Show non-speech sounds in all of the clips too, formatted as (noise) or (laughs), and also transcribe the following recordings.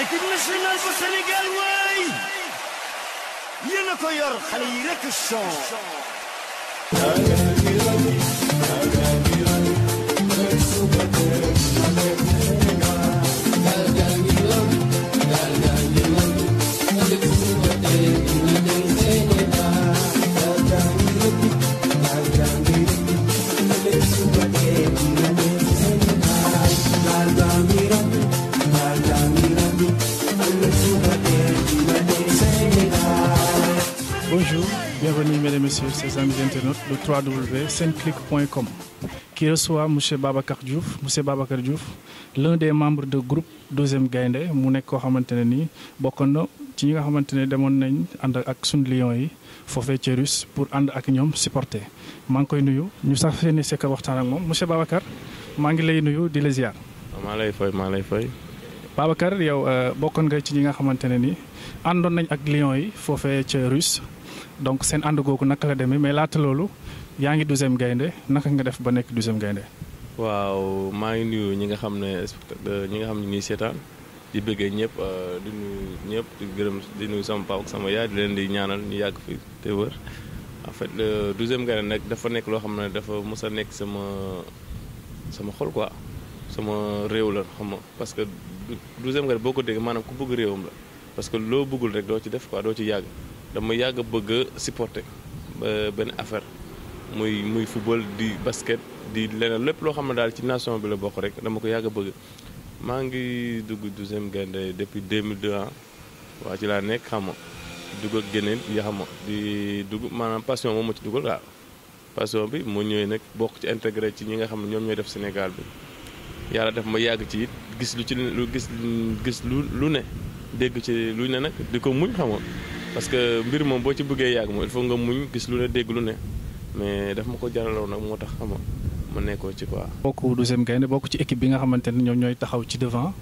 équipe nationale bu Sénégal waay yéen a ko yor xale yi rek a bienvenue mesdames et messieurs, chers amis internautes de www.senclic.com qui reçoit monsieur Babacar Diouf monsieur Babacar Diouf l'un des membres de groupe deuxième gaynde mu nekk koo xamante ne nii bokkoon na ci ñi nga xamante ne demoon nañ ànd ak suñu lion yi foofee ci Russe pour ànd ak ñoom supporter maa ngi koy nuyu ñu sax seeni sekk waxtaan ak moom monsieur Babacar maa ngi lay nuyu di la ziar. maa lay fay maa lay fay. Babacar yow euh, bokkoon nga ci ñi nga xamante ne ni àndoon nañ ak Lions yi foofee ca Russe donc seen ànd googu naka la demee mais laata loolu yaa ngi douzième gaynde naka nga def ba nekk douzième gaynde waaw maa ngi nuyu ñi nga xam ne ñi nga xam ne ñuy seetaan di bëggee ñëpp euh, di nuyu ñëpp gërëm di nuyu sama sama yaay di leen di ñaanal ñu yàgg fi te en fait douzième gaynde nag dafa nekk loo xam ne dafa mës a nekk sama sama xol quoi. sama réew la xam nga parce que douzième Galle boo ko dégg maanaam ku bëgg réewam la parce que loo bëggul rek doo ci def quoi ci yàgg dama yàgg bëgg a supporter benn affaire muy muy football di basket di leneen lépp loo xam ne daal ci nation bi la bokk rek dama ko yàgg a bëgg maa ngi dugg douzième Galle depuis 2002 ah waa ci laa nekk xam nga dugg ak xam nga di dugg maanaam passion moom ma ci dugal waaw passion bi moo ñëwee nag bokk ci intégré ci ñi nga xam ne ñoom ñooy def Sénégal bi. yàlla def ma yàgg ci it gis lu ci lu gis gis lu lu ne dégg ci lu ne nag di ko muñ xamoon parce que mbir moom boo ci bëggee yàgg moom il faut nga muñ gis lu ne dégg lu ne mais daf ma ko jaraloo nag moo tax xam nga ma nekkoo ci quoi. bokk deuxième gaynde bokk ci équipe bi nga xamante ne ñoom ñooy taxaw ci devant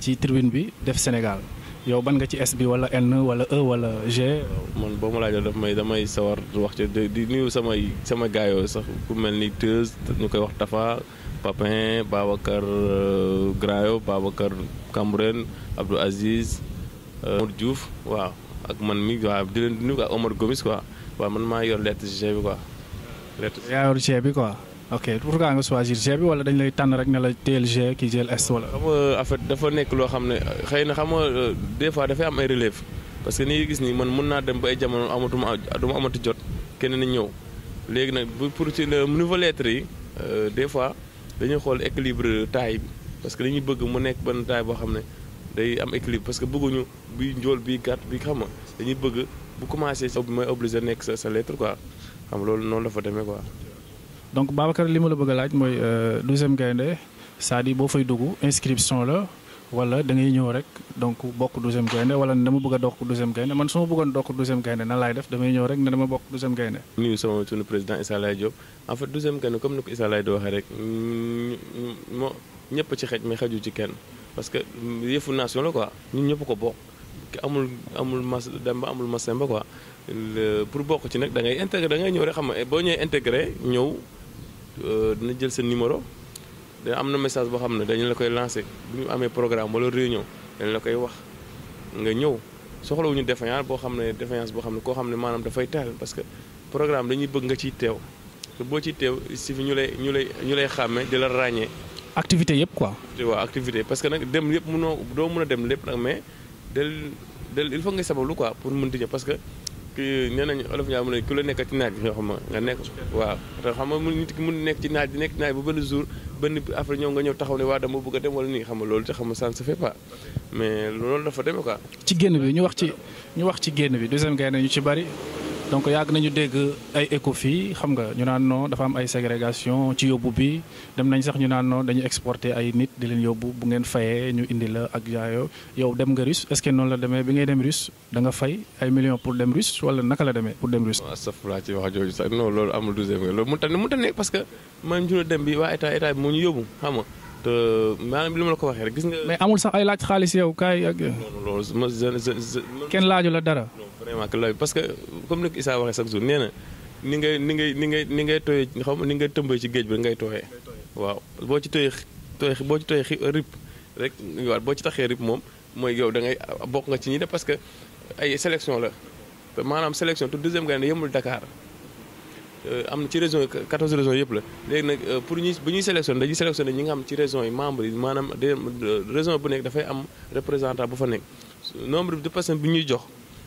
ci tribune bi def Sénégal yow ban nga ci S bi wala N wala E wala G. man boo ma laajoo daf may damay sawar wax ci di nuyu samay sama gaayoo sax ku mel ni Teuz koy wax Tafa. Papin Babacar euh, Grayo Babacar Cambren Abdou Aziz euh, Omar Diouf waaw ak man mi waaw di leen di nuyu ak Omar Gomis quoi waa man maa yor lettre G bi quoi. lettre G yaa bi quoi. ok pourquoi nga choisir G wala dañ lay tànn rek ne la teel G kii jël S wala. xam dafa nekk loo xam ne xëy na xam nga euh, des fois dafay am ay relève parce que ni gis nii man mun naa dem ba ay jamono amatuma duma amati jot kenn ni ñëw léegi nag bu pour ci niveau lettre yi des fois. dañuy xool équilibre taille bi parce que dañuy bëgg mu nekk benn taille boo xam ne day am équilibre parce que bëgguñu bi njool bi gàtt bi xam ma dañuy bëgg bu commencé sa mooy obligé nekk sa sa lettre quoi xam loolu noonu la fa demee quoi. donc Babacar li ma la bëgg laaj mooy euh, deuxième gaynde cest à boo fay dugg inscription la. wala da ngay ñëw rek donc bokk douzième gaynde wala dama bëgg a dokk douzième gaynde man su ma bëggoon dokk douzième gaynde nan laay def damay ñëw rek ne dama bokk douzième gaynde nuyu sama sunu président Issa Laye Diop en fait douzième gaynde comme ni ko Issa Laye di waxee rek ñëpp ci xej mais xaju ci kenn parce que yëfu nation ñëpp ko bokk amul amul mas Demba amul mas Demba quoi pour bokk ci nag da ngay intégré da ngay ñëw rek xam nga boo ñëwee intégré ñëw euh, dana jël seen numéro da am na message boo xam ne dañu la koy lancé bu ñu amee programme wala réunion dañu la koy wax nga ñëw soxlawuñu défaillance boo xam ne défaillance boo xam ne koo xam ne maanaam dafay teel parce que programme dañuy bëgg nga ciy teew boo ci teew si fi ñu lay ñu lay ñu lay xàmmee di la ràññee. activité yëpp quoi. waaw activité parce que nag dem yëpp munoo doo mën a dem lépp nag mais del del il faut nga sabablu quoi pour mun di ñëw parce que. kii nee nañu olof ñaa mu ne ku la ci naaj bi xam nga nekk waaw te xam mu nit ki mun nekk ci naaj bi nekk ci naaj ba benn jour benn après ñëw nga ñëw taxaw ne waa dama bëgg a dem wala nii xam nga loolu te xam nga ça ne se fait pas mais loolu dafa demee quoi. ci génn bi ñu wax ci ñu wax ci génn bi deuxième gaynde ñu ci bari donc yàgg nañu dégg ay écho xam nga ñu naan noo dafa am ay ségrégation ci yóbbu bi dem nañ sax ñu naan noo dañu exporter ay nit di leen yóbbu bu ngeen fayee ñu indi la ak yaayo yow dem nga Russe est-ce que noonu la demee bi ngay dem Russe da nga fay ay millions pour dem Russe wala naka la demee pour dem Russe. waaw astafurlah ci wax jooju sax non loolu amul douzième loolu mënut a mënut a que man dem bi waa état état bi moo ñu yóbbu xam te maanaam li ma la ko waxee rek gis nga. mais amul sax ay laaj xaalis yow kaay ak. loolu ma kenn laaju la dara. vraiment que parce que comme ni ko Issa waxee chaque jour nee na ni ngay ni ngay ni ngay ni ngay tooyee xaw ma ni ngay tëmbee ci géej bi ngay tooyee. waaw boo ci tooyee tooy boo ci tooyee rip rek waaw boo ci taxee rip moom mooy yow dangay bokk nga ci ñi de parce que ay sélection la maanaam sélection te deuxième gars yi yemul dakaar Euh, am na ci région 14 régions yëpp la léegi nag euh, pour ñu bu ñuy sélectionné dañuy sélectionné ñi nga xam ci régions yi membres yi maanaam d région bu nekk dafay am représentant bu fa nekk nombre de personnes bi ñuy jox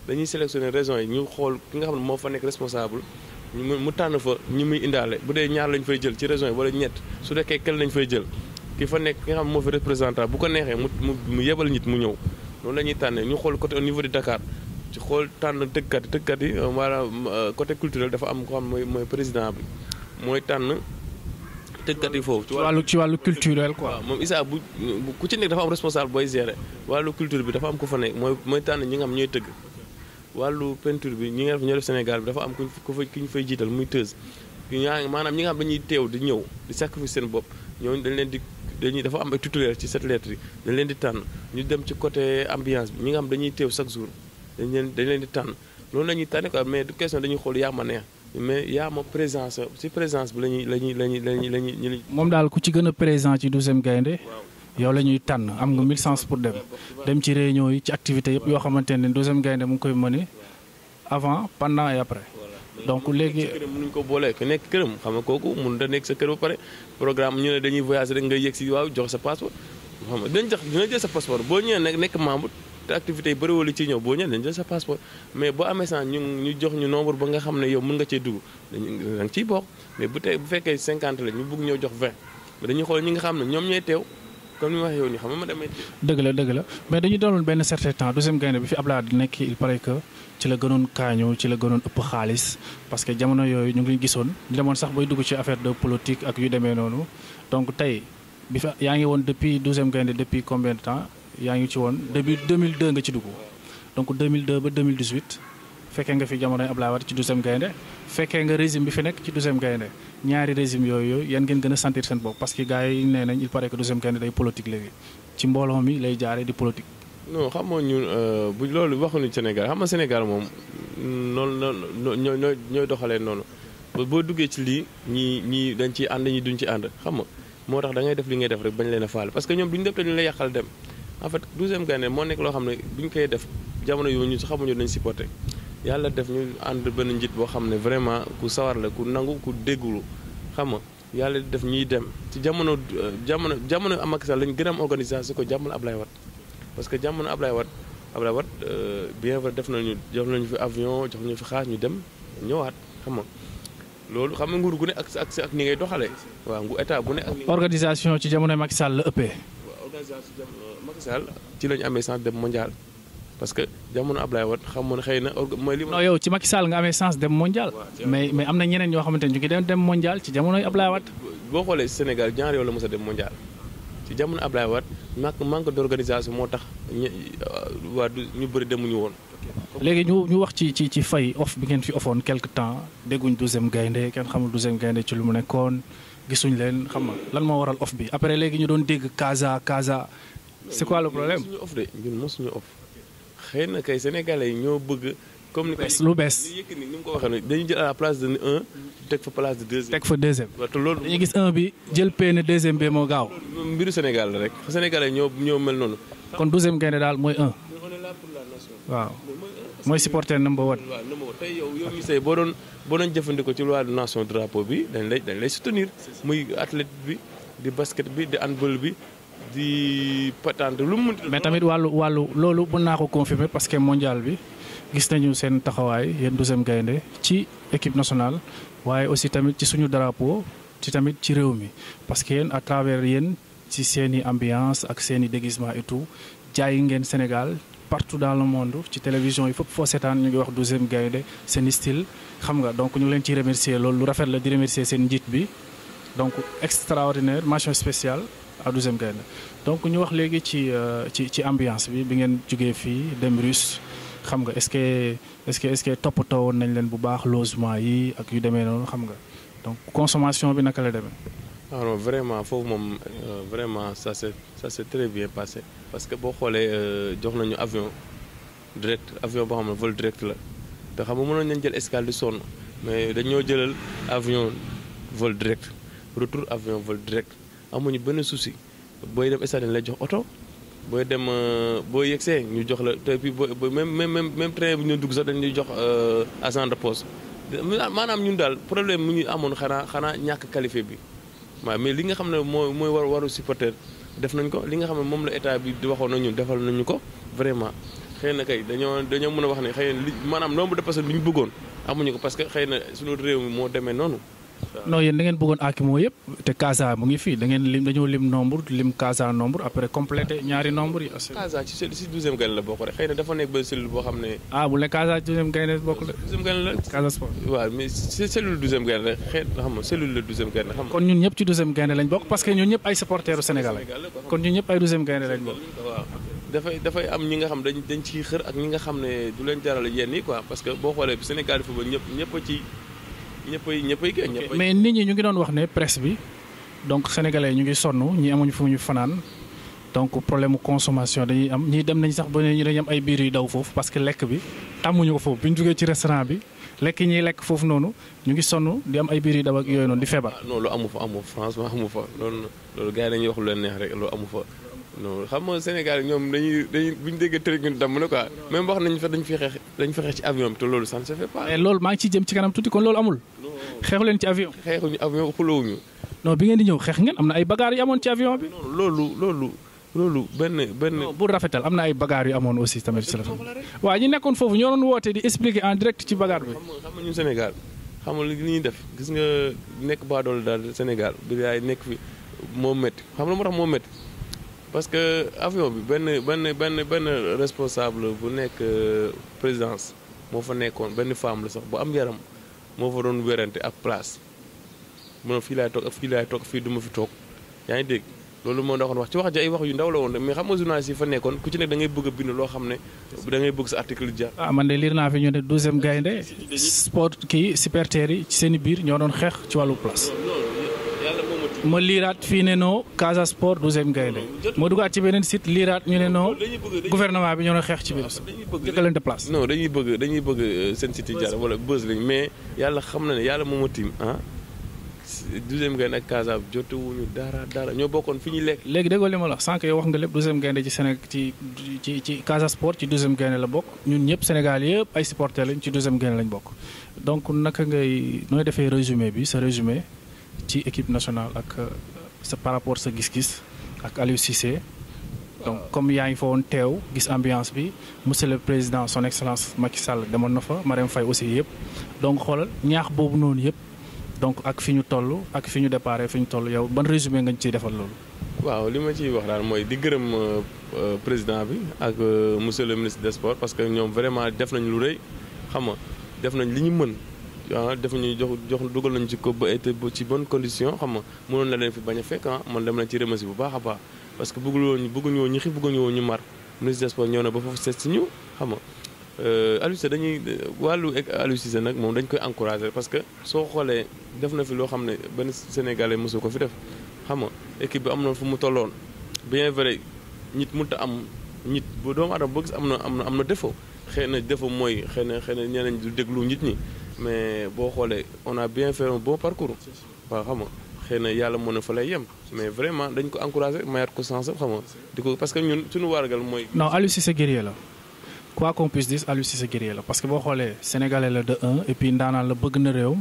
dañuy sélectionné régions yi ñu xool ki nga xam ne moo fa nekk responsable mu tànn fa ñi muy indaale bu dee ñaar lañ fay jël ci région yi wala ñett su dekkee kenn lañ fay jël ki fa nekk ki nga xam moo fi représentant bu ko neexee mu mu yebal nit mu ñëw noonu la ñuy tànnee ñu xool côté au niveau de Dakar ci xool tànn tëggkat yi tëggkat yi euh, maanaam euh, côté culturel dafa am ko mooy mooy président bi mooy tànn tëggkat yi foofu. ci wàllu ci wàllu culturel quoi. moom Issa bu ku ci nekk dafa am responsable booy gérer wàllu culture bi dafa am ku fa nekk mooy mooy tànn ñi nga am ñooy tëgg wàllu penture bi ñu ngi xam ñoo Sénégal bi dafa am ku fa ku ñu fay jiital muy tëz. maanaam ñi nga xam dañuy teew di ñëw di sacrifice seen bopp ñooñu dañu leen di dañuy dafa am ay tutélaire ci cette dañ leen di tànn ñu dem ci côté ambiance bi ñi nga am dañuy teew chaque jour. dañ leen leen di tànn loolu la ñuy tànn quoi mais du question dañuy xool yaa ma neex mais yaa ma présence si présence bi la ñuy la ñuy la ñuy la moom daal ku ci gën a présent ci douzième yow la ñuy tànn am nga mille sens pour dem dem ci réunion yi ci activité yëpp yoo xamante ne douzième gaynde mu ngi koy mëne avant pendant et après. donc léegi kërëm mënuñ ko boolee ku nekk këram xam nga kooku mun da nekk sa kër ba pare programme ñu ne dañuy voyage rek nga yegg si waaw jox sa passeport xam nga dinañ jox dina jël sa passeport boo ñëwee nag nekk te activités yi bëriwul ci ñëw boo ñëwee dañu jël sa passeport mais boo amee xam ne yow mën nga cee dugg tey bu fekkee 50 la ñu bugg ñëw jox 20 dañuy xool ñi nga xam ne ñoom ñooy teew comme waxee yow nii xam nga ma demee. dëgg la dëgg la mais dañu doonoon benn certain temps deuxième gaynde bi fi Abdoulaye di nekk il paraît que ci la gënoon kaañu ci la gënoon ëpp xaalis parce que jamono yooyu ñu ngi gisoon di demoon sax booy dugg ci affaire de politique ak yu demee noonu donc tey bi fa yaa ngi woon depuis douzième gaynde depuis combien de temps yaa ngi ci woon début 2002 nga ci dugg donc 2002 ba 2018 fekkee nga fi jamonoy Ablaye Wade ci 12e gaynde fekkee nga régime bi fi nekk ci 12e gaynde ñaari régime yooyu yan ngeen gën a sentir seen bopp parce que gars yi nee nañ il paraît que 12e gaynde day politique léegi ci mbooloo mi lay jaare di politique. non xam nga ñun euh, bu loolu waxuñu Sénégal xam nga Sénégal moom noonu la ñooy ñooy doxalee noonu boo duggee ci lii ñii ñii dañ ciy ànd ñii duñ ci ànd xam nga moo tax da ngay def a dem. en fait douzième Gaindé moo nekk loo xam ne bu ñu koy def jamono yooyu ñu xamuñu nañ supporté yàlla def ñu ànd benn njit boo xam ne vraiment ku sawar la ku nangu ku déggulu xam nga yàlla def ñuy dem ci jamono jamono jamono Macky lañ gën a am organisation ko jamono lay wat parce que jamono Ablaye Wade Ablaye Wade euh, bien vrai def nañu jox nañu fi avion jox nañu fi xaar ñu dem ñëwaat xam loolu xam nga nguur gu ne ak ak ak ni ngay doxalee waaw ngu état bu ne organisation ci jamono Macky Sall la ëppee. Macky Sall ci lañu amee chance dem mondial parce que jamono Ablaye Wade xamoon xëy na mooy li. non yow ci Macky Sall nga amee chance dem mondial. mais mais am na ñeneen ñoo xamante ne ñu ngi dem dem mondial ci jamonoy Ablaye Wade. boo xoolee Sénégal ñaar yow la mos a dem mondial ci jamono Ablaye Wade manque manque d'organisation moo tax ñu euh, waa du ñu bëri demuñu woon. léegi ñu ñu wax ci ci ci bi ngeen fi offoon quelque temps dégguñ douzième gaynde kenn xamul douzième gisuñ leen xam nga lan moo waral off bi après léegi ñu doon dégg Casa Casa. c'est quoi le problème ñun suñu off de ñun mosuñu off. xëy na kay sénégalais yi ñoo bëgg. comme ni lu bees li ko waxee noonu dañuy jël à la place de un teg fa place de deuxième. teg fa deuxième te loolu. dañuy gis un bi jël peene deuxième bi moo gaaw. mbiru Sénégal la rek. Sénégalais ñoo ñoo mel noonu. kon douzième gaynde daal mooy un. waaw. mooy supporter number one. waaw boo doon boo doon jëfandikoo ci loi de nation drapeau bi dañ lay dañ lay soutenir. muy athlète bi di basket bi di handball bi di patente lu mu. mais tamit wàllu wàllu loolu mën naa ko confirmer parce que mondial bi gis nañu seen taxawaay yéen douzième gaynde ci équipe nationale waaye aussi tamit ci suñu drapeau ci tamit ci réew mi parce que yéen à travers yéen ci seen i ambiance ak seen i déguisement et tout jaay ngeen Sénégal. partout dans le monde ci télévision yi fépp foo seetaan ñu ngi wax douzième gaynde seen style xam nga donc ñu leen ciy remercier loolu lu rafet la di remercier seen njiit bi donc extraordinaire mention spéciale à douzième gaynde donc ñu wax léegi ci euh, ci ci ambiance bi bi ngeen jógee fii dem russe xam nga est-ce que est-ce que toppatoo woon nañ leen bu baax logement yi ak yu demee noonu xam nga donc consommation bi naka la demee alors vraiment foofu moom euh, vraiment ça s'est ça s'est très bien parce que boo xoolee euh, jox nañu avion direct avion boo xam ne vol direct la te xam nga mënoon nañ jël escale di sonn mais dañoo jëlal avion vol direct retour avion vol direct amuñu benn souci booy dem stade lay jox oto booy dem euh, boo yegsee ñu jox la te puis boo même même même train bi ñu dugg sax dañuy jox agent de poste maanaam ñun daal problème mu ñu amoon xanaa xanaa ñàkk qualifié bi. waaw mais li nga xam ne mooy mooy war waru supporter def nañ ko li nga xam ne moom la état bi di waxoon nañu defal nañu ko vraiment xëy na kay dañoo dañoo mën a wax ne xëy na li maanaam nombre de personnes bi ñu bëggoon amuñu ko parce que xëy na suñu réew mi moo demee noonu non yéen da ngeen bëggoon akimoo yëpp te Casa mu ngi fii da lim dañoo lim Casa nombre après complété ñaari nombre yi. ci douzième gaynde la bokk rek xëy na dafa nekk ah, la. douzième gaynde la nga kon ñun ñëpp ci douzième gaynde lañ bokk parce que ñun ñëpp ay supporteru Sénégal kon ñun ñëpp ay douzième gaynde lañ bokk. dafay am ñi nga xam dañ dañ xër ak ñi nga xam ne du leen jaral yenn yi quoi parce que boo xoolee Sénégal football ñëpp ñëpp ci ñëppay ñëppay mais nit ñi ñu ngi doon wax ne presse bi donc sénégalais ñu ngi sonn ñi amuñu fu ñu fanaan donc problème consommation dañuy am ñii dem nañ sax ba ñu dañuy am ay biir yu daw foofu parce que lekk bi tàmmuñu ko foofu bi ñu jógee ci restaurant bi lekk ñuy lekk foofu noonu ñu ngi sonn di am ay biir yu daw ak yooyu noonu di feebar. Ah, non amu fa amu franchement amu fa loolu loolu gars yi leen neex rek loolu amu fa. non xam nga Sénégal ñoom dañuy dañuy bu ñu déggee tërëguñu damm la quoi même wax nañu fa dañ fi xeex dañ fa ci avion bi te loolu ça ne se fait loolu maa ngi ciy jëm ci kanam tuuti kon loolu amul. xeexu leen ci avion. xeexuñu avion xulóowuñu. non bi ngeen di ñëw xeex ngeen am na ay bagaar yu amoon ci avion bi. loolu loolu loolu benn benn. bu rafetal am na ay bagaar yu amoon aussi tamit ci rafetal. waaw ñu nekkoon foofu ñoo doon woote di expliquer en direct ci bagaar bi. xam nga ñu Sénégal xam nga li ñuy def gis nga nekk baadoolo daal Sénégal bi yaay nekk fi moo métti xam nga moo tax moom met parce que avion bi benn benn benn benn responsable bu nekk euh, présidence moo fa nekkoon benn femme la sax bu am yaram moo fa doon wérante ak place mu ne fii laay toog fii laay toog fii du fi toog yaa ngi dégg loolu moo doxoon wax ci wax ji ay wax yu ndaw la woon mais xam nga journaliste yi fa nekkoon ku ci nekk da ngay bëgg a bind loo xam ne da ngay bëgg sa article jar. Ah, man de liir naa fi ñu ne douzième gaynde sport kii supporters yi ci seen biir ñoo doon xeex ci wàllu place. ma liiraat fii ne noo Casa Sport douzième gaynde moo dugaat ci beneen site liiraat ñu ne noo gouvernement bi ñoo doon xeex ci biir jëkkalante place. no dañuy bëgg dañuy bëgg seen site yi jaar wala buzz lañ mais yàlla xam na ne yàlla moom a tiim ah douzième gaynde ak Casa jotewuñu dara dara ñoo bokkoon fi ñuy lekk. léegi déggoo li ma la wax sànq yow wax nga lépp douzième gaynde ci Sénégal ci ci ci Casa Sport ci douzième gaynde la bokk ñun ñëpp Sénégal yëpp ay supporters lañ ci douzième gaynde lañ bokk donc naka ngay nooy defee bi sa résumé. ci équipe nationale ak euh, sa par rapport sa gis-gis ak Aliou Cissé. donc comme yaa ngi fa woon teew gis ambiance bi monsieur le président son excellence Macky Sall demoon na fa ma Marème fay aussi yëpp. donc xoolal ñaax boobu noonu yëpp donc ak fi ñu toll ak fi ñu déparé fi ñu toll yow ban résumé nga ñu ciy defal loolu. waaw li ma ciy wax daal mooy di gërëm euh, euh, président bi ak monsieur le ministre des sports parce que ñoom vraiment def nañu lu rëy xam nga def nañ li ñu mën. ah def ñu jox jox dugal nañu ci ko ba ci bon condition xam nga mënoon na leen fi bañ a fekk ah, man dem leen ci remercier bu baax a baax parce que bëggul woon bëgguñu woon ñu xi bëgguñu woon ñu mar ministre des sports ñëw na xam nga euh, Aliou Cissé dañuy wàllu Aliou Cissé nag moom dañ koy encourager parce que soo xoolee def na fi loo xam ne benn Sénégalais mosu ko fi def xam nga équipe bi am na fu mu tolloon bien vrai nit mënut a am nit boo doomu aadama boo gis am na am na am na defoo xëy na défaut mooy xëy na xëy na ñeneen du déglu nit ñi mais boo xoolee on a bien fait un bon parcours. waaw xam nga xëy na yàlla mën na fa lay yem. mais vraiment dañ ko encouragé mayaat ko sens xam di ko parce que ñun suñu wargal mooy. non Aliou Cissé guerrier la quoi qu'on puisse dire Aliou Cissé la parce que boo xoolee sénégalais la de un et puis ndaanaan la bëgg na réew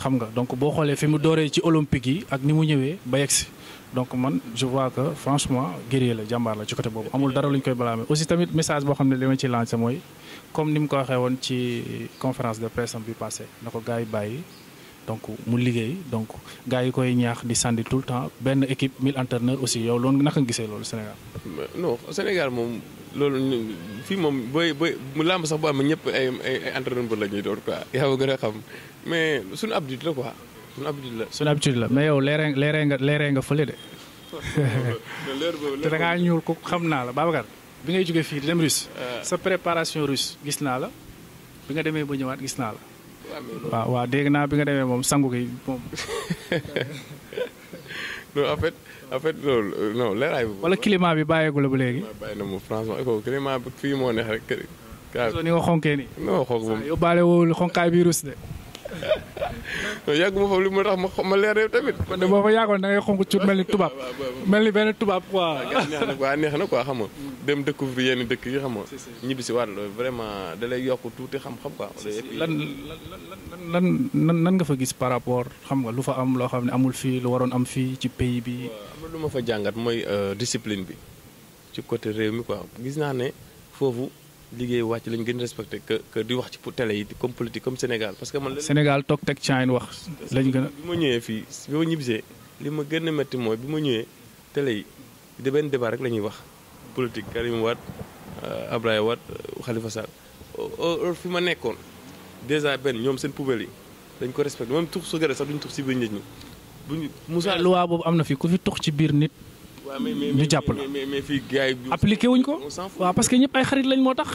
xam nga donc boo xoolee fi mu dooree ci olympique yi ak ni mu ñëwee ba yegg si donc man je vois que franchement guerrier la jàmbaar la ci côté boobu amul dara lu ñu koy blâmer aussi tamit boo xam ne li ma ciy lancé mooy. comme ni mu ko waxee woon ci conférence de presse am bi passé na ko gars yi bàyyi donc mu liggéey donc gars yi koy ñaax di sànni tout le temps benn équipe mille entraîneurs aussi yow loolu naka nga gisee loolu Sénégal. non Sénégal moom loolu fii moom booy booy mu làmb sax bu am ñëpp ay ay entraîneur la ñuy doon quoi. yaa ngi gën xam mais suñu habitude la quoi suñu habitude la. suñu habitude la mais yow leeree leeree nga leeree nga fële de. (laughs) (laughs) te da ngaa ñuul ko xam naa la Babacar. bi ngay jógee fii di dem russe. Ah. sa préparation russe gis naa la bi nga demee ba ñëwaat gis naa la. waaw waaw dégg naa bi nga demee moom sangu gi moom. (laughs) non en fait en loolu non leeraay bi. wala climat bi bàyyeeku la ba léegi. bàyyi na mu bi fii moo neex rek. ni nga xonkee nii. non xonk moom yóbbaale woo xonkaay de. (laughs) yàgg ma foofu li mu tax ma ma leer yow tamit. kon de boo ko yàggoon da ngay xonk cuut mel ni tubaab. (laughs) mel ni benn tubaab quoi. waaw neex na quoi xam nga. Mm. dem découvrir yenn dëkk yi xam nga. ñibbi si waat loolu vraiment da lay tuuti xam-xam quoi. lan lan lan nga fa gis par rapport xam nga lu fa am loo xam ne amul fii lu waroon am fii ci pays bi. lu ma fa jàngat mooy euh, discipline bi ci côté réew mi quoi gis naa ne foofu. liggéey wàcc lañ gën a respecté que que di wax ci pour télé yi comme politique comme Sénégal parce que man. Sénégal toog teg caa wax. lañ gën a bi ma ñëwee fii bi ma ñibbisee li ma gën a métti mooy bi ma ñëwee télé yi de benn débat rek la ñuy wax politique Karim Wade euh, Abdoulaye Wade euh, Khalifa Sall fi ma nekkoon dèjà benn ñoom seen poubelle yi dañ ko respecté même tux su gërëm sax duñ tux si biir nit ñi buñ. Moussa loi boobu am na fii ku fi tux ci biir nit. ñu jàpp la mais mais fii gars yi ko waaw parce que ñëpp ay xarit lañ moo tax.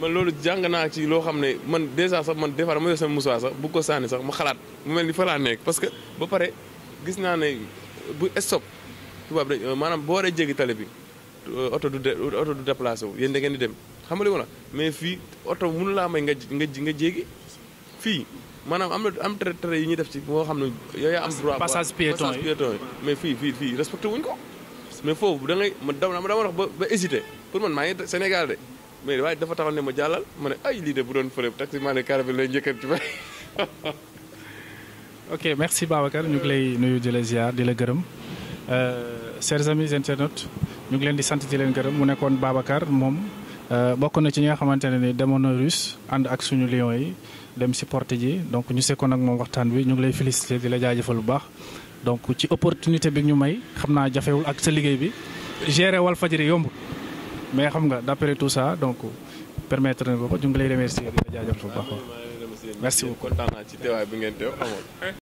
man loolu jàng naa ci loo xam ne man dèjà sax man des fois dama yor sama musuwaar sax bu ko sànni sax ma xalaat mu mel ni fa laa nekk que ba pare gis naa ne bu stop tubaab dañ euh, maanaam boo waree jéggi tali bi euh, oto du de oto du déplacé wu yéen da ngeen di dem xam nga li ma la mais fii oto mënu laa may nga nga nga jéggi fii. maanaam am na am tere ñuy def ci boo xam ne yow yaa am droit. passage piéton yi mais fii fii fii respecté wuñ ko. mais foofu da ngay ma dama dama wax ba ba hésité pour man maa ngi Sénégal de mais waaye dafa taxaw ne ma jàllal ma ne ay lii de bu doon fële taxi maa ne car bi lay njëkkat ci bay (laughs) ok merci Babacar ñu ngi lay nuyu di la ziar di la gërëm euh, chers amis internautes ñu ngi leen di sant di leen gërëm mu nekkoon Babacar moom euh, bokk na ci ñi nga xamante ne ni demoon na Russe ànd ak suñu Lions yi dem si porte ji donc ñu sekkoon ak moom waxtaan bi ñu ngi lay félicité di la jaajëfal bu baax donc ci opportunité bi ñu may xam naa jafewul ak sa liggéey bi gérer Walfadjri yombul mais xam nga d'après tout ça donc permettre na ko ñu ngi lay remercier di la jaajëfal bu baax merci beaucoup kontaan ci teewaay bi ngeen teew amoon